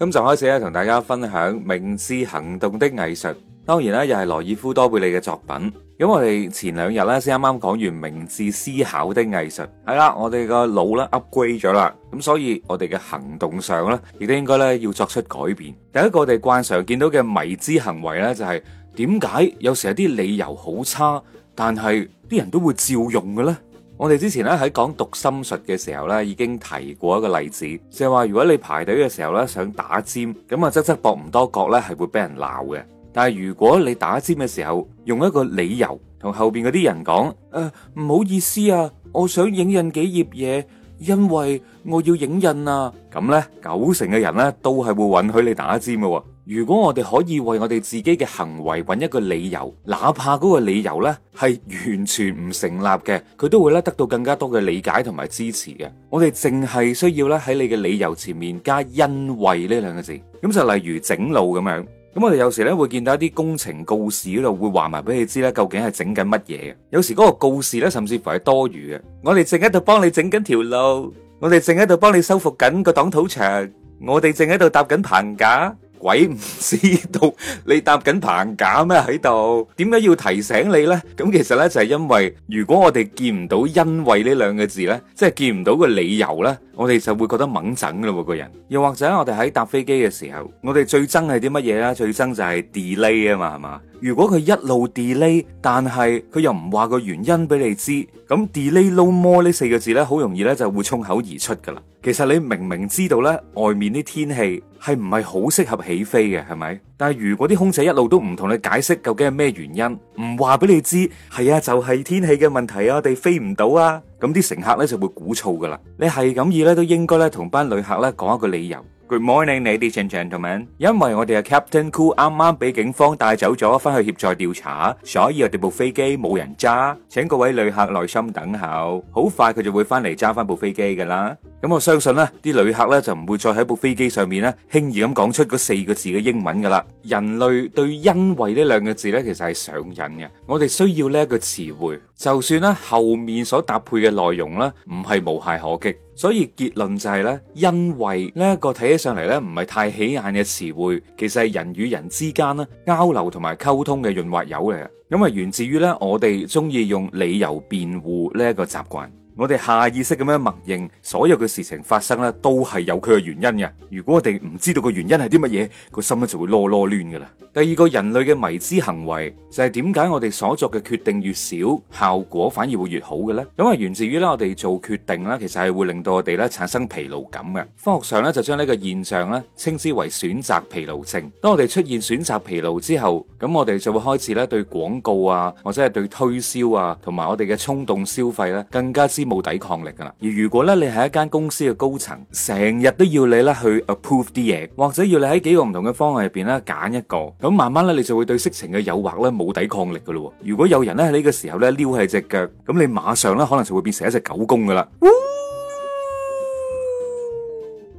今集就開始咧，同大家分享明智行動的藝術。當然啦，又係羅爾夫多貝利嘅作品。咁、嗯、我哋前兩日咧先啱啱講完明智思考的藝術，係、嗯、啦，我哋個腦咧 upgrade 咗啦，咁、嗯、所以我哋嘅行動上咧，亦都應該咧要作出改變。第一個我哋慣常見到嘅迷之行為咧，就係點解有時有啲理由好差，但係啲人都會照用嘅咧？我哋之前咧喺講讀心術嘅時候咧，已經提過一個例子，就係話如果你排隊嘅時候咧想打尖，咁啊側側膊唔多角咧係會俾人鬧嘅。但係如果你打尖嘅時候用一個理由同後邊嗰啲人講，誒唔好意思啊，我想影印幾頁嘢，因為我要影印啊，咁呢，九成嘅人呢都係會允許你打尖噶喎。如果我哋可以為我哋自己嘅行為揾一個理由，哪怕嗰個理由呢係完全唔成立嘅，佢都會咧得到更加多嘅理解同埋支持嘅。我哋淨係需要咧喺你嘅理由前面加因為呢兩個字，咁就例如整路咁樣。咁我哋有時咧會見到一啲工程告示嗰度會話埋俾你知咧，究竟係整緊乜嘢。有時嗰個告示呢，甚至乎係多餘嘅。我哋正喺度幫你整緊條路，我哋正喺度幫你修復緊個擋土牆，我哋正喺度搭緊棚架。鬼唔知道你搭緊棚架咩喺度？點解要提醒你呢？咁其實呢，就係因為如果我哋見唔到因為呢兩個字呢，即係見唔到個理由呢，我哋就會覺得猛整噶咯個人。又或者我哋喺搭飛機嘅時候，我哋最憎係啲乜嘢呢？最憎就係 delay 啊嘛，係嘛？如果佢一路 delay，但係佢又唔話個原因俾你知，咁 delay no more 呢四個字呢，好容易呢就會衝口而出噶啦。其實你明明知道咧，外面啲天氣係唔係好適合起飛嘅，係咪？但係如果啲空姐一路都唔同你解釋究竟係咩原因，唔話俾你知，係啊就係、是、天氣嘅問題啊，我哋飛唔到啊，咁啲乘客呢就會鼓譟噶啦。你係咁意呢，都應該呢，同班旅客呢講一個理由。Good morning，ladies and gentlemen，因為我哋嘅 Captain Cool 啱啱俾警方帶走咗，翻去協助調查，所以我哋部飛機冇人揸。請各位旅客耐心等候，好快佢就會翻嚟揸翻部飛機噶啦。咁我相信咧，啲旅客咧就唔會再喺部飛機上面咧輕易咁講出嗰四個字嘅英文噶啦。人類對因為呢兩個字咧，其實係上癮嘅。我哋需要呢一個詞彙。就算咧後面所搭配嘅內容咧唔係無懈可擊，所以結論就係咧，因為呢一個睇起上嚟咧唔係太起眼嘅詞彙，其實係人與人之間咧交流同埋溝通嘅潤滑油嚟嘅，咁啊源自於咧我哋中意用理由辯護呢一個習慣。我哋下意識咁樣默認所有嘅事情發生咧，都係有佢嘅原因嘅。如果我哋唔知道個原因係啲乜嘢，個心咧就會囉囉攣㗎啦。第二個人類嘅迷之行為就係點解我哋所作嘅決定越少，效果反而會越好嘅咧？咁係源自於咧，我哋做決定咧，其實係會令到我哋咧產生疲勞感嘅。科學上咧就將呢個現象咧稱之為選擇疲勞症。當我哋出現選擇疲勞之後，咁我哋就會開始咧對廣告啊，或者係對推銷啊，同埋我哋嘅衝動消費咧更加之。冇抵抗力噶啦，而如果咧你係一間公司嘅高層，成日都要你咧去 approve 啲嘢，或者要你喺幾個唔同嘅方案入邊咧揀一個，咁慢慢咧你就會對色情嘅誘惑咧冇抵抗力噶咯。如果有人咧喺呢個時候咧撩起隻腳，咁你馬上咧可能就會變成一隻狗公噶啦。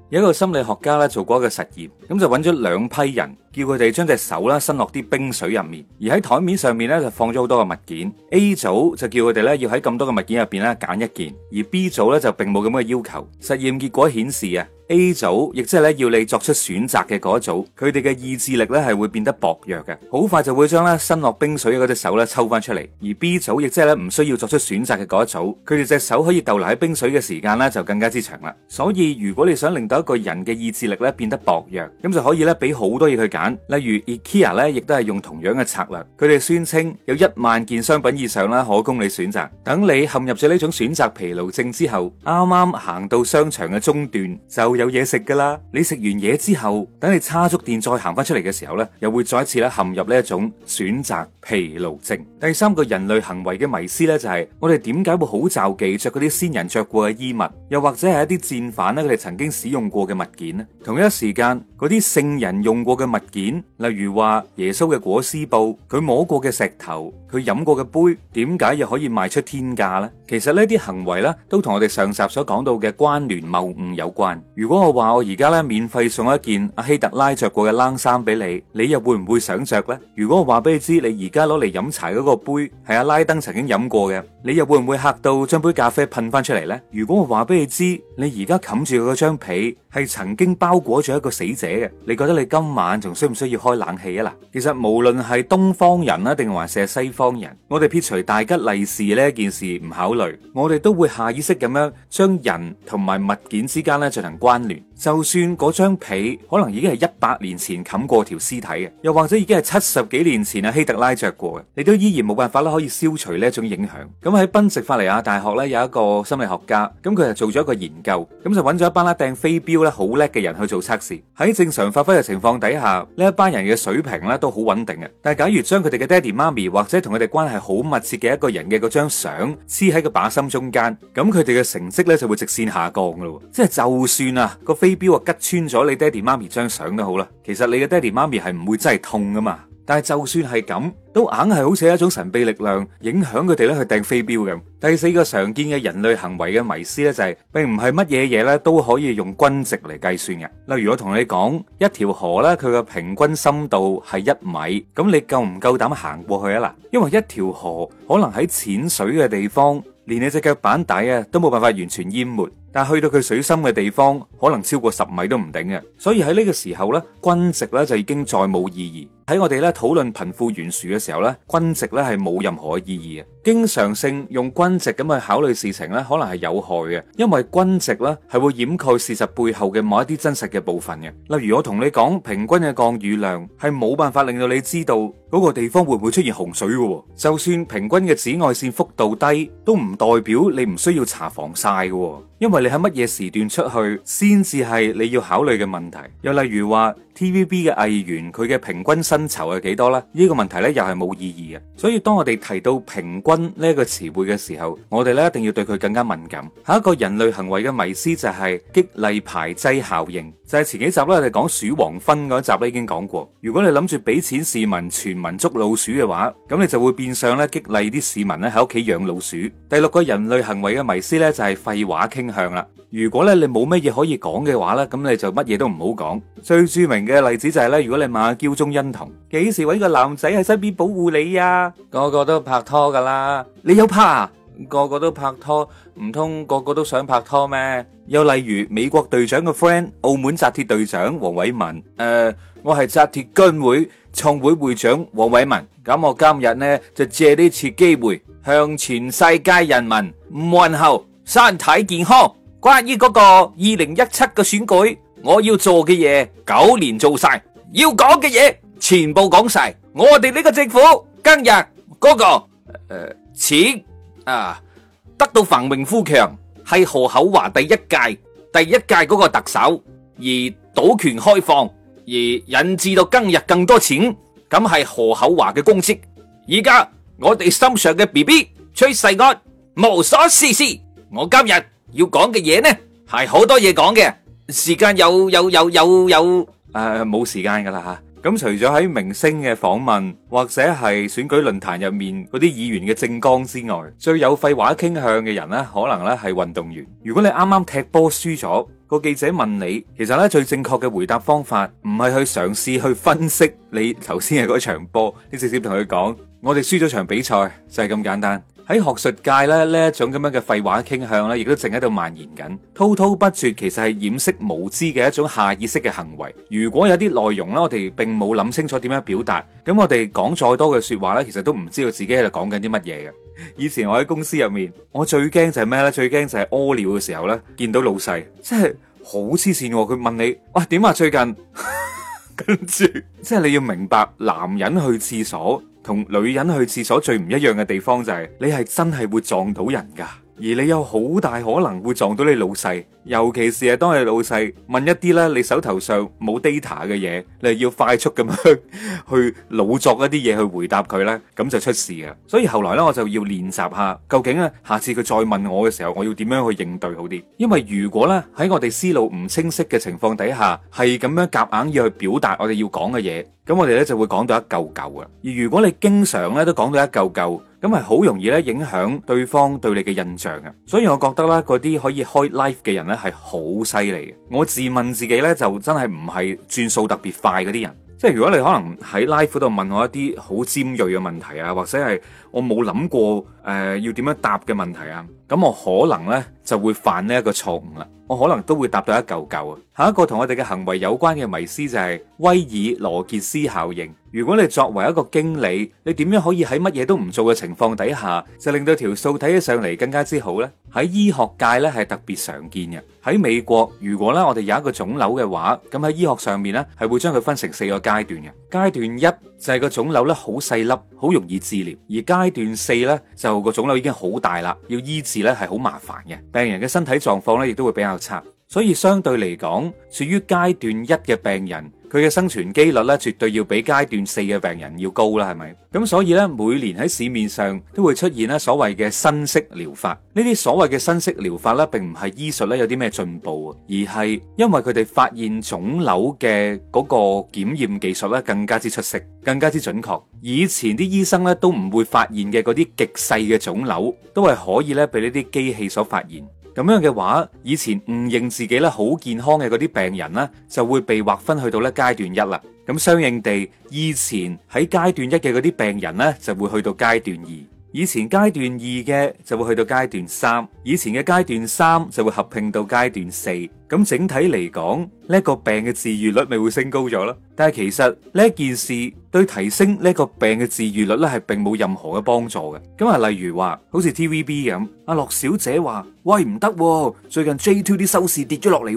有一個心理學家咧做過一個實驗，咁就揾咗兩批人。叫佢哋將隻手咧伸落啲冰水入面，而喺台面上面咧就放咗好多嘅物件。A 組就叫佢哋咧要喺咁多嘅物件入邊咧揀一件，而 B 組咧就並冇咁嘅要求。實驗結果顯示啊，A 組亦即係咧要你作出選擇嘅嗰組，佢哋嘅意志力咧係會變得薄弱嘅，好快就會將咧伸落冰水嘅嗰隻手咧抽翻出嚟。而 B 組亦即係咧唔需要作出選擇嘅嗰一組，佢哋隻手可以逗留喺冰水嘅時間咧就更加之長啦。所以如果你想令到一個人嘅意志力咧變得薄弱，咁就可以咧俾好多嘢去揀。例如 IKEA 咧，亦都係用同樣嘅策略。佢哋宣稱有一萬件商品以上啦，可供你選擇。等你陷入咗呢種選擇疲勞症之後，啱啱行到商場嘅中段就有嘢食㗎喇。你食完嘢之後，等你叉足電再行翻出嚟嘅時候咧，又會再一次咧陷入呢一種選擇疲勞症。第三個人類行為嘅迷思咧，就係、是、我哋點解會好就忌，忌着嗰啲先人着過嘅衣物，又或者係一啲戰犯咧佢哋曾經使用過嘅物件咧。同一時間嗰啲聖人用過嘅物。件例如話耶穌嘅裹屍布，佢摸過嘅石頭，佢飲過嘅杯，點解又可以賣出天價咧？其實呢啲行為咧，都同我哋上集所講到嘅關聯謬誤有關。如果我話我而家咧免費送一件阿希特拉着過嘅冷衫俾你，你又會唔會想着咧？如果我話俾你知你而家攞嚟飲茶嗰個杯係阿拉登曾經飲過嘅，你又會唔會吓到將杯咖啡噴翻出嚟咧？如果我話俾你知你而家冚住佢嗰張被係曾經包裹住一個死者嘅，你覺得你今晚仲？需唔需要開冷氣啊？嗱，其實無論係東方人呀，定還是西方人，我哋撇除大吉利是呢件事唔考慮，我哋都會下意識咁樣將人同埋物件之間咧進行關聯。就算嗰張被可能已經係一百年前冚過條屍體嘅，又或者已經係七十幾年前啊希特拉着過嘅，你都依然冇辦法啦，可以消除呢一種影響。咁喺賓夕法尼亞大學咧有一個心理學家，咁佢就做咗一個研究，咁就揾咗一班啦掟飛鏢咧好叻嘅人去做測試。喺正常發揮嘅情況底下，呢一班人嘅水平咧都好穩定嘅。但係假如將佢哋嘅爹哋媽咪或者同佢哋關係好密切嘅一個人嘅嗰張相黐喺個靶心中間，咁佢哋嘅成績咧就會直線下降噶咯。即係就算啊個飛飛鏢啊，吉穿咗你爹地媽咪張相都好啦。其實你嘅爹地媽咪係唔會真係痛噶嘛。但係就算係咁，都硬係好似一種神秘力量影響佢哋咧去掟飛鏢咁。第四個常見嘅人類行為嘅迷思呢、就係，就係並唔係乜嘢嘢呢都可以用均值嚟計算嘅。例如我同你講一條河呢，佢嘅平均深度係一米，咁你夠唔夠膽行過去啊？嗱，因為一條河可能喺淺水嘅地方。連你隻腳板底啊，都冇辦法完全淹沒，但去到佢水深嘅地方，可能超過十米都唔頂嘅。所以喺呢個時候咧，均值咧就已經再冇意義。喺我哋咧討論貧富懸殊嘅時候咧，均值咧係冇任何意義嘅。經常性用均值咁去考慮事情呢，可能係有害嘅，因為均值呢係會掩蓋事實背後嘅某一啲真實嘅部分嘅。例如我同你講平均嘅降雨量係冇辦法令到你知道嗰個地方會唔會出現洪水㗎喎，就算平均嘅紫外線幅度低，都唔代表你唔需要搽防曬㗎喎，因為你喺乜嘢時段出去先至係你要考慮嘅問題。又例如話 TVB 嘅藝員佢嘅平均薪酬係幾多呢？呢個問題呢又係冇意義嘅。所以當我哋提到平呢個詞彙嘅時候，我哋咧一定要對佢更加敏感。下一個人類行為嘅迷思就係激勵排擠效應。就係前幾集啦，我哋講鼠黃昏嗰集咧已經講過。如果你諗住俾錢市民全民捉老鼠嘅話，咁你就會變相咧激勵啲市民咧喺屋企養老鼠。第六個人類行為嘅迷思咧就係廢話傾向啦。如果咧你冇乜嘢可以講嘅話咧，咁你就乜嘢都唔好講。最著名嘅例子就係咧，如果你問阿嬌、鍾欣桐，幾時搵個男仔喺身邊保護你呀？個個都拍拖噶啦，你有怕啊？個個都拍拖，唔通個個都想拍拖咩？又例如美國隊長嘅 friend，澳門紮鐵隊長黃偉文。誒，我係紮鐵軍會創會會長黃偉文。咁我今日呢就借呢次機會，向全世界人民問候身體健康。關於嗰個二零一七嘅選舉，我要做嘅嘢九年做曬，要講嘅嘢全部講曬。我哋呢個政府今日嗰個誒錢。啊！得到繁榮富強係何厚華第一屆第一屆嗰個特首，而賭權開放而引致到今日更多錢，咁係何厚華嘅功績。而家我哋心上嘅 B B 崔世安無所事事，我今日要講嘅嘢呢係好多嘢講嘅，時間有有有有有誒冇時間噶啦吓。咁除咗喺明星嘅訪問或者係選舉論壇入面嗰啲議員嘅政綱之外，最有廢話傾向嘅人呢，可能呢係運動員。如果你啱啱踢波輸咗，個記者問你，其實呢最正確嘅回答方法，唔係去嘗試去分析你頭先嘅嗰場波，你直接同佢講：我哋輸咗場比賽，就係咁簡單。喺學術界咧，呢一種咁樣嘅廢話傾向咧，亦都正喺度蔓延緊。滔滔不絕其實係掩飾無知嘅一種下意識嘅行為。如果有啲內容咧，我哋並冇諗清楚點樣表達，咁我哋講再多嘅說話咧，其實都唔知道自己喺度講緊啲乜嘢嘅。以前我喺公司入面，我最驚就係咩咧？最驚就係屙尿嘅時候咧，見到老細，即係好黐線。佢問你：哇、哎，點啊？最近 跟住，即係你要明白，男人去廁所。同女人去廁所最唔一樣嘅地方就係、是，你係真係會撞到人噶，而你有好大可能會撞到你老細，尤其是係當你老細問一啲咧，你手頭上冇 data 嘅嘢，你係要快速咁樣 去老作一啲嘢去回答佢呢，咁就出事啊！所以後來咧，我就要練習下究竟咧，下次佢再問我嘅時候，我要點樣去應對好啲？因為如果咧喺我哋思路唔清晰嘅情況底下，係咁樣夾硬，硬要去表達我哋要講嘅嘢。咁我哋咧就會講到一嚿嚿㗎，而如果你經常咧都講到一嚿嚿，咁係好容易咧影響對方對你嘅印象㗎。所以我覺得咧，嗰啲可以開 live 嘅人咧係好犀利。我自問自己咧就真係唔係轉數特別快嗰啲人，即係如果你可能喺 live 度問我一啲好尖銳嘅問題啊，或者係我冇諗過誒、呃、要點樣答嘅問題啊，咁我可能咧就會犯呢一個錯誤啦。我可能都會答到一嚿嚿啊！下一個同我哋嘅行為有關嘅迷思就係威爾羅傑斯效應。如果你作為一個經理，你點樣可以喺乜嘢都唔做嘅情況底下，就令到條數睇起上嚟更加之好呢？喺醫學界呢係特別常見嘅。喺美國，如果咧我哋有一個腫瘤嘅話，咁喺醫學上面呢，係會將佢分成四個階段嘅。階段一。就係個腫瘤咧好細粒，好容易治療；而階段四呢，就個腫瘤已經好大啦，要醫治呢，係好麻煩嘅，病人嘅身體狀況呢，亦都會比較差，所以相對嚟講，處於階段一嘅病人。佢嘅生存機率咧，絕對要比階段四嘅病人要高啦，係咪？咁所以呢，每年喺市面上都會出現呢所謂嘅新式療法。呢啲所謂嘅新式療法呢，並唔係醫術咧有啲咩進步，而係因為佢哋發現腫瘤嘅嗰個檢驗技術咧更加之出色，更加之準確。以前啲醫生咧都唔會發現嘅嗰啲極細嘅腫瘤，都係可以咧畀呢啲機器所發現。咁樣嘅話，以前唔認自己咧好健康嘅嗰啲病人呢，就會被劃分去到咧階段一啦。咁相應地，以前喺階段一嘅嗰啲病人呢，就會去到階段二；以前階段二嘅就會去到階段三；以前嘅階段三就會合併到階段四。咁整體嚟講，呢個病嘅治癒率咪會升高咗咯？但係其實呢件事對提升呢個病嘅治癒率咧，係並冇任何嘅幫助嘅。咁啊，例如話好似 TVB 咁，阿樂小姐話：喂，唔得，最近 J2 啲收視跌咗落嚟。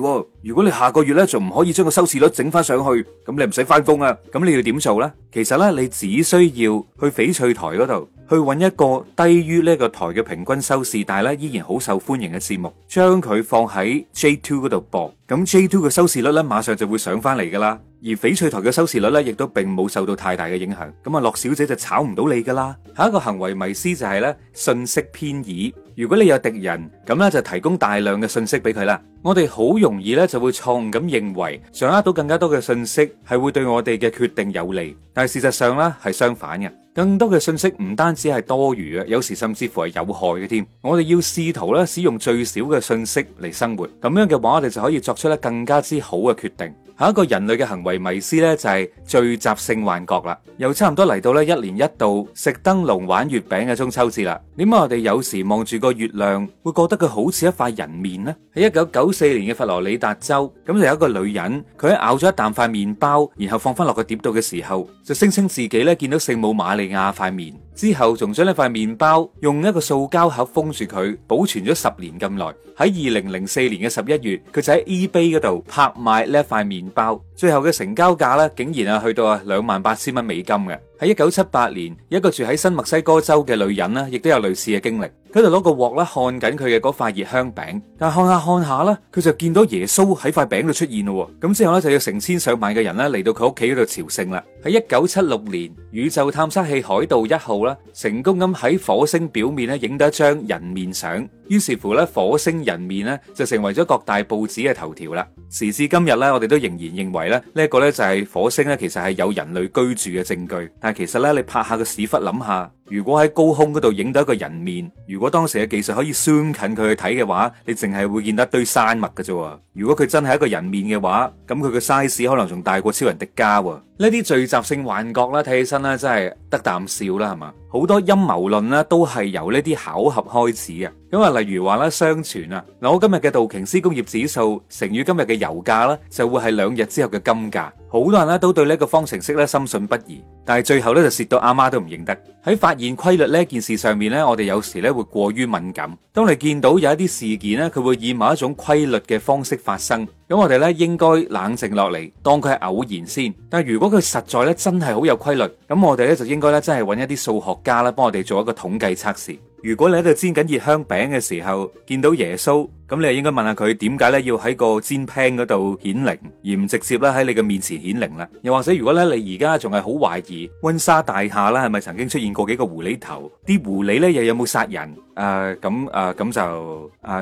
如果你下個月咧仲唔可以將個收視率整翻上去，咁你唔使翻工啊！咁你要點做咧？其實咧，你只需要去翡翠台嗰度去搵一個低於呢個台嘅平均收視，但係咧依然好受歡迎嘅節目，將佢放喺 J2 嗰度。博咁 J Two 嘅收視率咧，馬上就會上翻嚟噶啦。而翡翠台嘅收視率咧，亦都並冇受到太大嘅影響。咁啊，洛小姐就炒唔到你噶啦。下一個行為迷思就係咧，信息偏移。如果你有敵人，咁咧就提供大量嘅信息俾佢啦。我哋好容易咧，就會錯誤咁認為掌握到更加多嘅信息係會對我哋嘅決定有利，但係事實上咧係相反嘅。更多嘅信息唔單止係多餘嘅，有時甚至乎係有害嘅添。我哋要試圖咧使用最少嘅信息嚟生活，咁樣嘅話我哋就可以作出咧更加之好嘅決定。下一個人類嘅行為迷思咧就係聚集性幻覺啦。又差唔多嚟到咧一年一度食燈籠、玩月餅嘅中秋節啦。點解我哋有時望住個月亮會覺得佢好似一塊人面呢？喺一九九。四年嘅佛羅里達州，咁就有一個女人，佢喺咬咗一啖塊麵包，然後放翻落個碟度嘅時候，就聲稱自己咧見到聖母瑪利亞塊面。之後仲將呢塊麵包用一個塑膠盒封住佢，保存咗十年咁耐。喺二零零四年嘅十一月，佢就喺 eBay 嗰度拍賣呢一塊麵包，最後嘅成交價咧，竟然啊去到啊兩萬八千蚊美金嘅。喺一九七八年，一個住喺新墨西哥州嘅女人呢，亦都有類似嘅經歷，佢就攞個鑊咧看緊佢嘅嗰塊熱香餅，但係看下看下啦，佢就見到耶穌喺塊餅度出現咯，咁之後呢，就有成千上萬嘅人咧嚟到佢屋企嗰度朝聖啦。喺一九七六年，宇宙探測器海盜一號啦，成功咁喺火星表面咧影到一張人面相。於是乎咧，火星人面咧就成為咗各大報紙嘅頭條啦。時至今日咧，我哋都仍然認為咧呢一個咧就係火星咧其實係有人類居住嘅證據。但係其實咧，你拍下個屎忽諗下，如果喺高空嗰度影到一個人面，如果當時嘅技術可以 zoom 近佢去睇嘅話，你淨係會見到一堆山脈嘅啫。如果佢真係一個人面嘅話，咁佢嘅 size 可能仲大過超人迪迦。呢啲聚集性幻覺啦，睇起身咧真係得啖笑啦，係嘛？好多陰謀論啦，都係由呢啲巧合開始嘅。咁啊，例如話啦，相傳啊，嗱，我今日嘅道瓊斯工業指數乘以今日嘅油價啦，就會係兩日之後嘅金價。好多人咧都對呢個方程式咧深信不疑，但係最後咧就蝕到阿媽都唔認得。喺發現規律呢件事上面咧，我哋有時咧會過於敏感。當你見到有一啲事件咧，佢會以某一種規律嘅方式發生。咁我哋咧應該冷靜落嚟，當佢係偶然先。但係如果佢實在咧真係好有規律，咁我哋咧就應該咧真係揾一啲數學家啦，幫我哋做一個統計測試。如果你喺度煎緊熱香餅嘅時候見到耶穌，咁你就應該問下佢點解咧要喺個煎 pan 嗰度顯靈，而唔直接咧喺你嘅面前顯靈啦。又或者如果咧你而家仲係好懷疑溫莎大廈啦，係咪曾經出現過幾個狐狸頭？啲狐狸咧又有冇殺人？誒、呃，咁誒，咁、呃、就誒，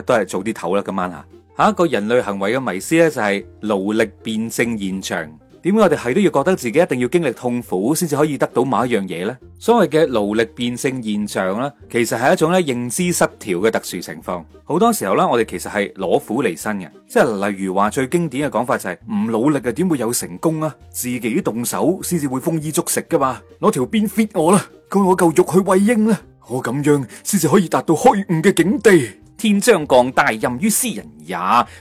都、呃、係早啲唞啦，今晚吓。下一個人類行為嘅迷思咧，就係勞力辯證現象。點解我哋係都要覺得自己一定要經歷痛苦先至可以得到某一樣嘢咧？所謂嘅勞力辯證現象咧，其實係一種咧認知失調嘅特殊情況。好多時候咧，我哋其實係攞苦嚟辛嘅，即係例如話最經典嘅講法就係唔努力啊，又點會有成功啊？自己動手先至會豐衣足食噶嘛？攞條鞭 fit 我啦，佢攞嚿肉去餵鷹啦，我咁樣先至可以達到虛悟嘅境地。天將降大任於斯人也，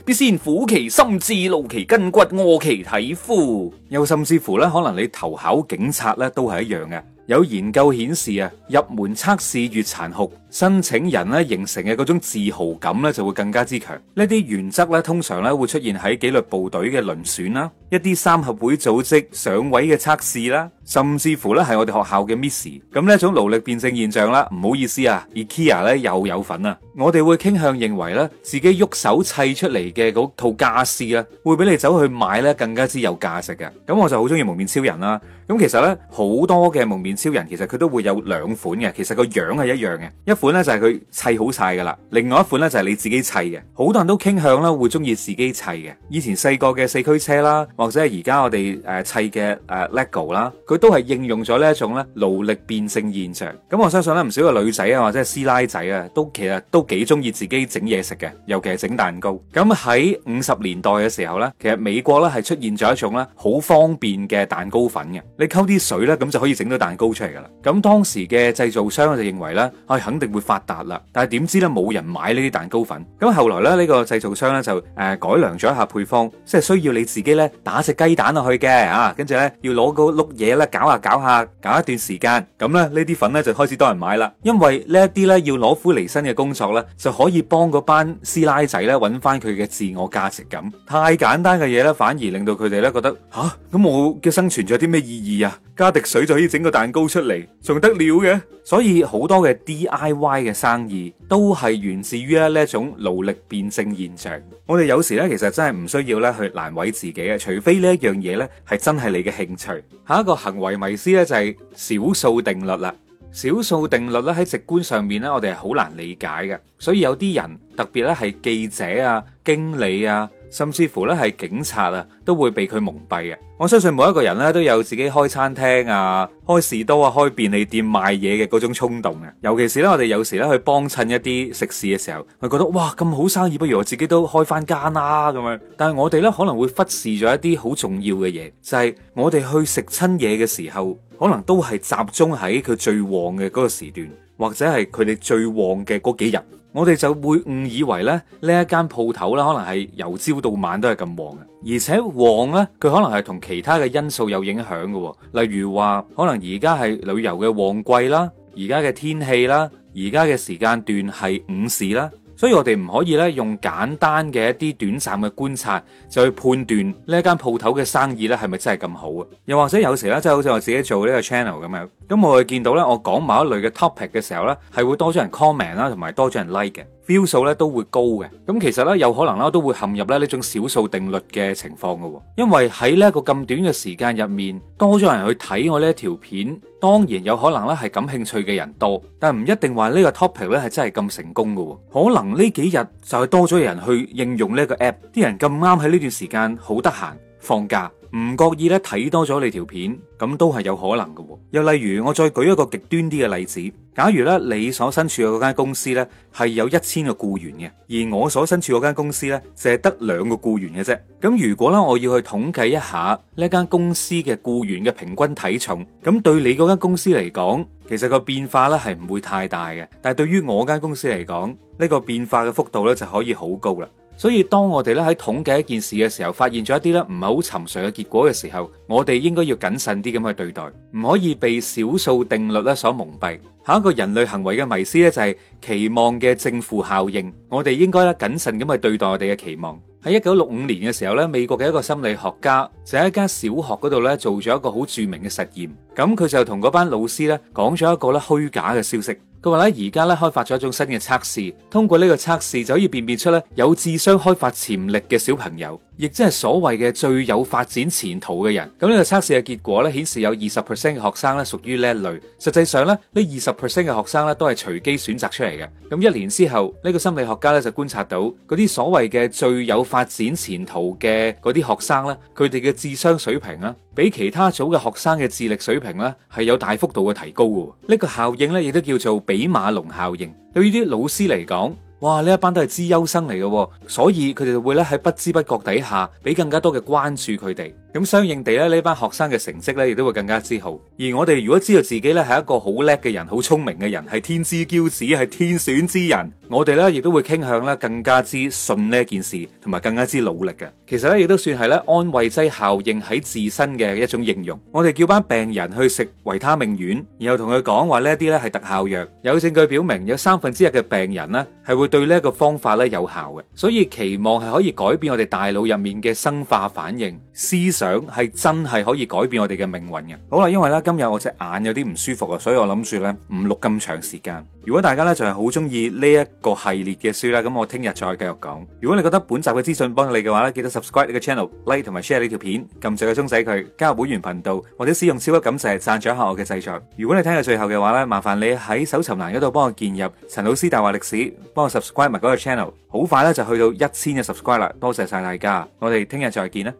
必先苦其心志，勞其筋骨，餓其體膚。又甚至乎咧？可能你投考警察咧，都係一樣嘅。有研究顯示啊，入門測試越殘酷，申請人咧形成嘅嗰種自豪感咧就會更加之強。呢啲原則咧通常咧會出現喺紀律部隊嘅遴選啦，一啲三合會組織上位嘅測試啦，甚至乎咧係我哋學校嘅 Miss。咁呢一種勞力變性現象啦，唔好意思啊，IKEA 咧又有份啊。我哋會傾向認為咧，自己喐手砌出嚟嘅套家私啊，會比你走去買咧更加之有價值嘅。咁我就好中意蒙面超人啦。咁其實咧好多嘅蒙面超人其實佢都會有兩款嘅，其實個樣係一樣嘅一。一一款呢就係佢砌好晒噶啦，另外一款呢就係你自己砌嘅。好多人都傾向啦，會中意自己砌嘅。以前細個嘅四驅車啦，或者係而家我哋誒砌嘅誒 lego 啦，佢都係應用咗呢一種咧勞力變性現象。咁我相信呢唔少嘅女仔啊，或者係師奶仔啊，都其實都幾中意自己整嘢食嘅，尤其係整蛋糕。咁喺五十年代嘅時候呢，其實美國呢係出現咗一種咧好方便嘅蛋糕粉嘅，你溝啲水呢，咁就可以整到蛋糕出嚟噶啦。咁當時嘅製造商就認為呢：哎「係肯定。會發達啦，但係點知咧冇人買呢啲蛋糕粉。咁後來咧呢個製造商咧就誒改良咗一下配方，即係需要你自己咧打隻雞蛋落去嘅啊，跟住咧要攞個碌嘢咧搞下搞下搞一段時間，咁咧呢啲粉咧就開始多人買啦。因為呢一啲咧要攞苦嚟辛嘅工作咧，就可以幫嗰班師奶仔咧搵翻佢嘅自我價值感。太簡單嘅嘢咧，反而令到佢哋咧覺得吓咁、啊、我嘅生存咗啲咩意義啊？加滴水就可以整個蛋糕出嚟，仲得了嘅。所以好多嘅 D I 歪嘅生意都係源自於咧呢一種勞力辯證現象。我哋有時呢，其實真係唔需要咧去難為自己嘅，除非呢一樣嘢呢係真係你嘅興趣。下一個行為迷思呢，就係小數定律啦。小數定律呢喺直觀上面呢，我哋係好難理解嘅，所以有啲人特別咧係記者啊、經理啊。甚至乎咧，係警察啊，都會被佢蒙蔽嘅。我相信每一個人咧，都有自己開餐廳啊、開士多啊、開便利店賣嘢嘅嗰種衝動嘅。尤其是咧，我哋有時咧去幫襯一啲食肆嘅時候，佢覺得哇，咁好生意，不如我自己都開翻間啦咁樣。但係我哋咧可能會忽視咗一啲好重要嘅嘢，就係我哋去食親嘢嘅時候，可能都係集中喺佢最旺嘅嗰個時段，或者係佢哋最旺嘅嗰幾日。我哋就會誤以為呢一間鋪頭啦，可能係由朝到晚都係咁旺嘅，而且旺呢，佢可能係同其他嘅因素有影響嘅，哦，例如話可能而家係旅遊嘅旺季啦，而家嘅天氣啦，而家嘅時間段係午市啦。所以我哋唔可以咧用簡單嘅一啲短暫嘅觀察，就去判斷呢一間鋪頭嘅生意咧係咪真係咁好啊？又或者有時咧，就好似我自己做呢個 channel 咁樣，咁我會見到咧，我講某一類嘅 topic 嘅時候咧，係會多咗人 comment 啦，同埋多咗人 like 嘅。標數咧都會高嘅，咁其實咧有可能咧都會陷入咧呢種小數定律嘅情況噶因為喺呢一個咁短嘅時間入面，多咗人去睇我呢一條片，當然有可能咧係感興趣嘅人多，但唔一定話呢個 topic 咧係真係咁成功噶可能呢幾日就係多咗人去應用呢個 app，啲人咁啱喺呢段時間好得閒。放假唔覺意咧睇多咗你條片，咁都係有可能嘅。又例如，我再舉一個極端啲嘅例子，假如咧你所身處嘅間公司呢係有一千個僱員嘅，而我所身處嗰間公司呢就係得兩個僱員嘅啫。咁如果咧我要去統計一下呢間公司嘅僱員嘅平均體重，咁對你嗰間公司嚟講，其實個變化呢係唔會太大嘅。但係對於我間公司嚟講，呢個變化嘅幅度呢就可以好高啦。所以，當我哋咧喺統計一件事嘅時候，發現咗一啲咧唔係好尋常嘅結果嘅時候，我哋應該要謹慎啲咁去對待，唔可以被少數定律咧所蒙蔽。下一個人類行為嘅迷思咧就係期望嘅正負效應，我哋應該咧謹慎咁去對待我哋嘅期望。喺一九六五年嘅時候咧，美國嘅一個心理學家就喺一間小學嗰度咧做咗一個好著名嘅實驗。咁佢就同嗰班老師咧講咗一個咧虛假嘅消息。佢話咧而家咧開發咗一種新嘅測試，通過呢個測試就可以辨別出咧有智商開發潛力嘅小朋友，亦即係所謂嘅最有發展前途嘅人。咁呢個測試嘅結果咧顯示有二十 percent 嘅學生咧屬於呢一類。實際上咧呢二十 percent 嘅學生咧都係隨機選擇出嚟嘅。咁一年之後呢個心理學家咧就觀察到嗰啲所謂嘅最有發展前途嘅嗰啲學生咧，佢哋嘅智商水平啊，比其他組嘅學生嘅智力水平咧係有大幅度嘅提高嘅。呢個效應咧亦都叫做，比馬龍效應，對於啲老師嚟講，哇，呢一班都係資優生嚟嘅，所以佢哋會咧喺不知不覺底下，俾更加多嘅關注佢哋。咁相應地咧，呢班學生嘅成績咧，亦都會更加之好。而我哋如果知道自己咧係一個好叻嘅人、好聰明嘅人，係天之驕子，係天選之人，我哋咧亦都會傾向咧更加之信呢一件事，同埋更加之努力嘅。其實咧，亦都算係咧安慰劑效應喺自身嘅一種應用。我哋叫班病人去食維他命丸，然後同佢講話呢一啲咧係特效藥，有證據表明有三分之一嘅病人呢係會對呢一個方法咧有效嘅。所以期望係可以改變我哋大腦入面嘅生化反應思。想係真係可以改變我哋嘅命運嘅。好啦，因為咧今日我隻眼有啲唔舒服啊，所以我諗住咧唔錄咁長時間。如果大家咧就係好中意呢一個系列嘅書啦，咁我聽日再繼續講。如果你覺得本集嘅資訊幫到你嘅話咧，記得 subscribe 呢個 channel，like 同埋 share 呢條片，撳住個鐘仔佢，加入會員頻道或者使用超級感謝贊助一下我嘅製作。如果你聽到最後嘅話咧，麻煩你喺搜尋欄嗰度幫我建入陳老師大話歷史，幫我 subscribe 埋嗰個 channel。好快咧就去到一千嘅 subscribe 啦，多謝晒大家。我哋聽日再見啦。